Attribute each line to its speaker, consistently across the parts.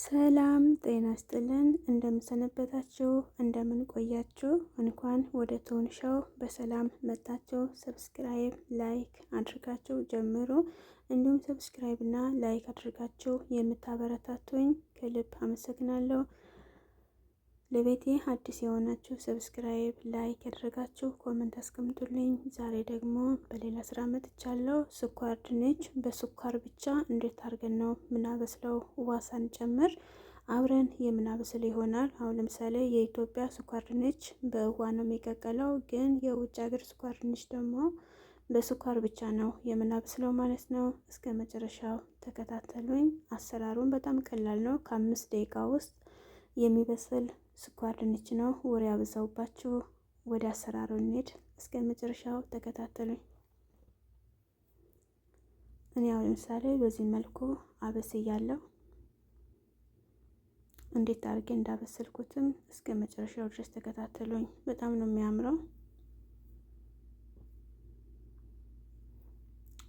Speaker 1: ሰላም ጤና ስጥልን። እንደምንሰነበታችሁ እንደምንቆያችሁ፣ እንኳን ወደ ቶን በሰላም መጣችሁ። ሰብስክራይብ ላይክ አድርጋችሁ ጀምሩ። እንዲሁም ሰብስክራይብ እና ላይክ አድርጋችሁ የምታበረታቱኝ ከልብ አመሰግናለሁ። ለቤቴ አዲስ የሆናችሁ ሰብስክራይብ፣ ላይክ ያደረጋችሁ ኮመንት አስቀምጡልኝ። ዛሬ ደግሞ በሌላ ስራ መጥቻለሁ። ስኳር ድንች በስኳር ብቻ እንዴት አድርገን ነው ምናበስለው? ዋሳን ጨምር አብረን የምናበስል ይሆናል። አሁን ለምሳሌ የኢትዮጵያ ስኳር ድንች በውሃ ነው የሚቀቀለው፣ ግን የውጭ ሀገር ስኳር ድንች ደግሞ በስኳር ብቻ ነው የምናበስለው ማለት ነው። እስከ መጨረሻው ተከታተሉኝ። አሰራሩን በጣም ቀላል ነው። ከአምስት ደቂቃ ውስጥ የሚበስል ስኳር ድንች ነው። ወሬ ያበዛውባችሁ፣ ወደ አሰራሩ እንሄድ። እስከ መጨረሻው ተከታተሉኝ። እኔ አሁን ለምሳሌ በዚህ መልኩ አበስያለሁ። እንዴት አድርጌ እንዳበሰልኩትም እስከ መጨረሻው ድረስ ተከታተሉኝ። በጣም ነው የሚያምረው።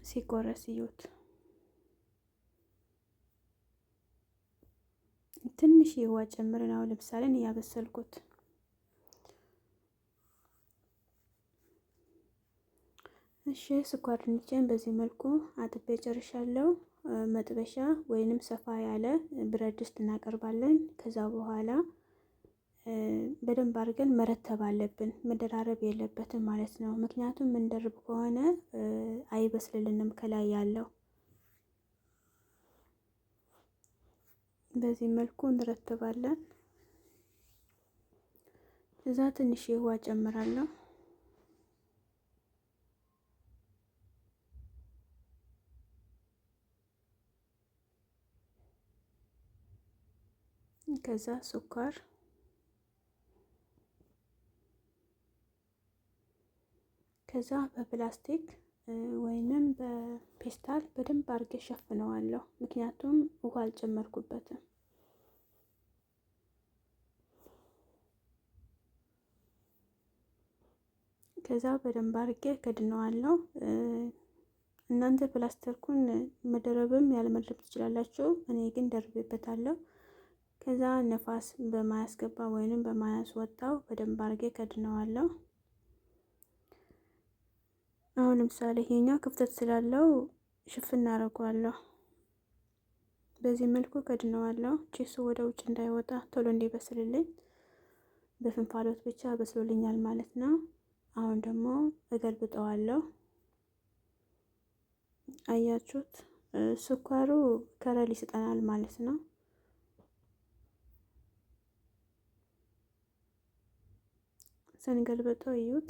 Speaker 1: ሲቆረስ እዩት። ትንሽ የውሃ ጨምረን አሁን ለምሳሌ ያበሰልኩት እሺ ስኳር ድንችን በዚህ መልኩ አጥቤ ጨርሻለሁ። መጥበሻ ወይንም ሰፋ ያለ ብረት ድስት እናቀርባለን። ከዛ በኋላ በደንብ አድርገን መረተብ አለብን። መደራረብ የለበትም ማለት ነው። ምክንያቱም ምንደርብ ከሆነ አይበስልልንም ከላይ ያለው በዚህ መልኩ እንረትባለን። እዛ ትንሽ ውሃ ጨምራለሁ። ከዛ ስኳር ከዛ በፕላስቲክ ወይንም በፔስታል በደንብ አድርጌ ሸፍነዋለሁ። ምክንያቱም ውሃ አልጨመርኩበትም። ከዛ በደንብ አድርጌ ከድነዋለሁ። እናንተ ፕላስተርኩን መደረብም ያለመድረብ ትችላላችሁ። እኔ ግን ደርቤበታለሁ። ከዛ ነፋስ በማያስገባ ወይንም በማያስወጣው በደንብ አድርጌ ከድነዋለሁ። አሁን ለምሳሌ ይሄኛው ክፍተት ስላለው ሽፍን እናደርገዋለሁ። በዚህ መልኩ ከድነዋለሁ። ቺሱ ወደ ውጭ እንዳይወጣ ቶሎ እንዲበስልልኝ በፍንፋሎት ብቻ በስሎልኛል ማለት ነው። አሁን ደግሞ እገልብጠዋለሁ። አያችሁት? ስኳሩ ከረል ይስጠናል ማለት ነው። ስንገልብጠው እዩት።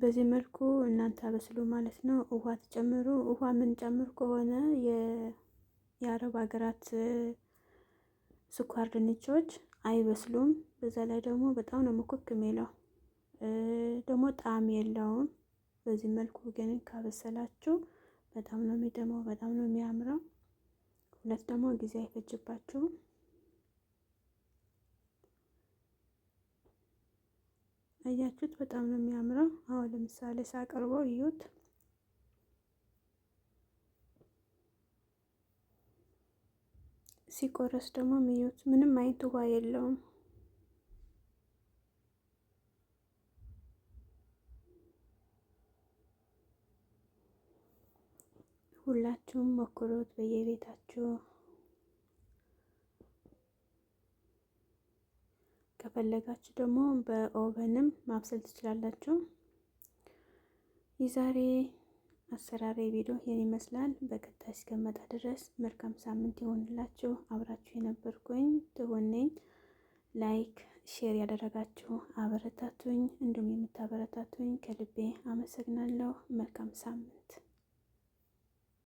Speaker 1: በዚህ መልኩ እናንተ አበስሉ ማለት ነው። ውሃ ትጨምሩ። ውሃ ምን ጨምር ከሆነ የአረብ ሀገራት ስኳር ድንቾች አይበስሉም። በዛ ላይ ደግሞ በጣም ነው ሙክክ የሚለው ደግሞ ጣዕም የለውም። በዚህ መልኩ ግን ካበሰላችሁ በጣም ነው የሚደመው፣ በጣም ነው የሚያምረው። ሁለት ደግሞ ጊዜ አይፈጅባችሁም። አያችሁት? በጣም ነው የሚያምረው። አሁን ለምሳሌ ሳቀርበው እዩት። ሲቆረስ ደግሞ ምዩት፣ ምንም አይነት ውሃ የለውም። ሁላችሁም ሞክሩት በየቤታችሁ። ከፈለጋችሁ ደግሞ በኦቨንም ማብሰል ትችላላችሁ። የዛሬ አሰራሪ ቪዲዮ ይህን ይመስላል። በቀጣይ እስከመጣ ድረስ መልካም ሳምንት ይሆንላችሁ። አብራችሁ የነበርኩኝ ትሆነኝ ላይክ ሼር ያደረጋችሁ አበረታቱኝ። እንዲሁም የምታበረታቱኝ ከልቤ አመሰግናለሁ። መልካም ሳምንት